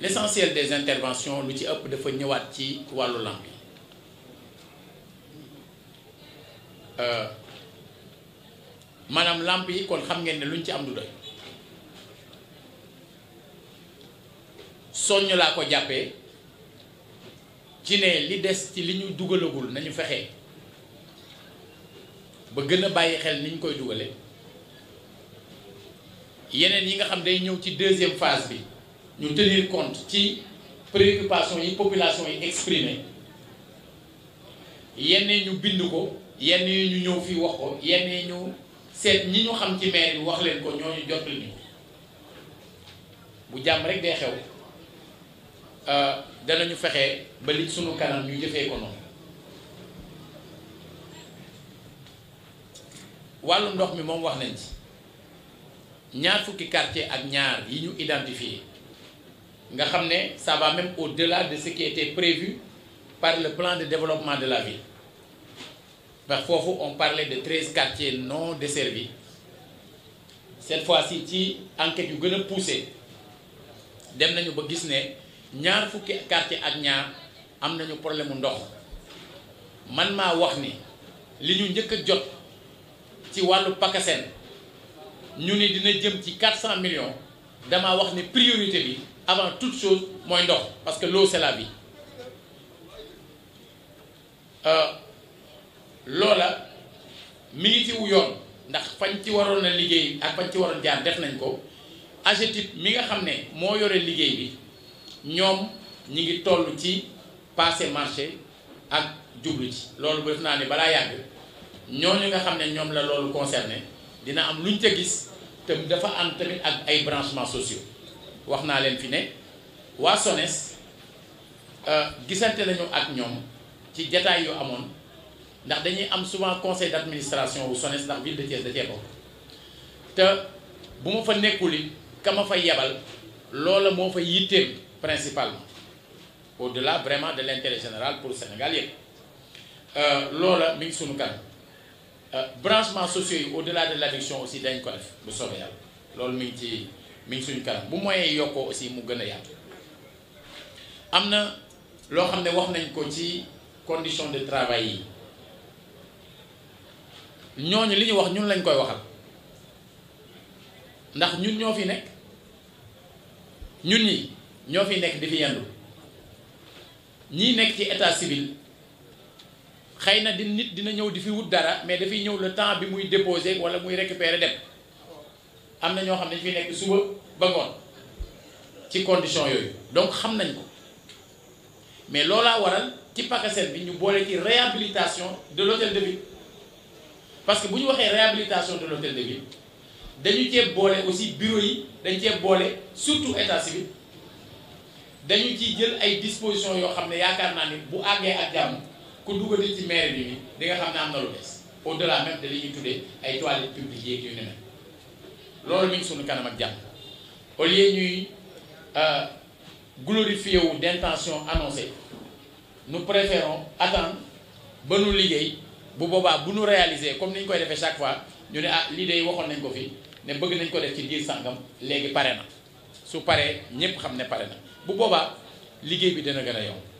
l'essentiel des interventions lu ci ëpp dafa ñëwaat ci wàllu làmb yi euh, maanaam làmp yi kon xam ngeen ne luñ ci am du doy soññ laa ko jàppee ci ne li des ci li ñu dugalagul nañu fexe ba gën a bàyyi xel ni ñu koy dugalee yeneen yi nga xam day ñëw ci deuxième phase bi ñu tenir compte ci préoccupation yi population yi exprimé yenn ñu bind ko yenn ñu ñëw fi wax ko yenn yi ñu seet ñi ñu xam ci maire yi wax leen ko ñooñu jot ñu bu jàmm rek day xew euh, danañu fexe ba li sunu kanam ñu jëfee ko noonu wàllu ndox mi moom wax nañ ci ñaar fukki quartier ak ñaar yi ñu identifié nga xam ne ça même au-delà de ce qui était prévu par le plan de développement de la ville ndax foofu on parlait de treize quartiers non desservis cette fois-ci ci enquête yu gën a poussé dem nañu ba gis ne ñaar fukki quartier ak ñaar am nañu problème mu ndox man ma wax ni li ñu njëkk a jot ci wàllu PACASEN ñu ni dina jëm ci quatre cent millions damaa wax ni priorité bi avant toute chose mooy ndox parce que l'eau c'est la vie euh, loola mi ngi ci yoon ndax fañ ci waroon a liggéey ak fañ ci waroon jaar def nañ ko AGETIP mi nga xam ne moo yore liggéey bi ñoom ñi ngi toll ci passé marché ak jublu ci loolu bu def naa ni balaa yàgg ñooñu nga xam ne ñoom la loolu concerné dina am luñ ca gis te dafa am tamit ak ay branchements sociaux wax naa leen fi ne waa SONES euh, gisante nañu ak ñoom ci jataay yu amoon ndax dañuy am souvent conseil d'administration wu SONES ndax ville de Thiès da cee bokk te bu ma fa nekkul it kama ma fa yebal loola moo fa yitteem principalement au-delà vraiment de l'intérêt général pour Sénégal yëpp euh, loola mi ngi sunu kanam Euh, branchements sociaux yi au-delà de l'addiction aussi dañ ko def bu soobee loolu mu ngi ci mi ngi suñu kanam bu moyens yokkoo aussi mu gën a yaatu am na loo xam ne wax nañ ko ci condition de travail yi ñooñu li ñu wax ñun lañ koy waxal ndax ñun ñoo fi nekk ñun ñi ñoo fi nekk di fi yendu ñii nekk ci état civil xëy na di nit dina ñëw di fi wut dara mais dafay ñëw le temps bi muy déposé wala muy récupérer dem am na ñoo xam ne dañu fi nekk suba ba ngoon ci condition yooyu donc xam nañ ko mais loolu loolaa waral ci PACASEN bi ñu boole ci réhabilitation de l'hôtel de ville parce que bu ñu waxee réhabilitation de l'hôtel de ville dañu cee boole aussi bureau yi dañ cee boole surtout état bi dañu ciy jël ay dispositions yoo xam ne yaakaar naa ni bu àggee ak jàmm. ku duggati ci maire bi nii di nga xam ne am na lu des au delà même de li ñuy tuddee ay toilettes publiques yeeg yu ne mel loolu mi ngi sunu kanam ak jàmm au lieu ñuy euh, glorifier wu d'intention annoncée nous préférons attendre ba nu liggéey bu boobaa bu nu réaliser comme ni ñu koy defee chaque fois ñu ne ah lii de waxoon nañ ko fi ne bëgg nañ ko def ci diir sàngam léegi pare na su paree ñépp xam ne pare na bu boobaa liggéey bi dana gën a yomb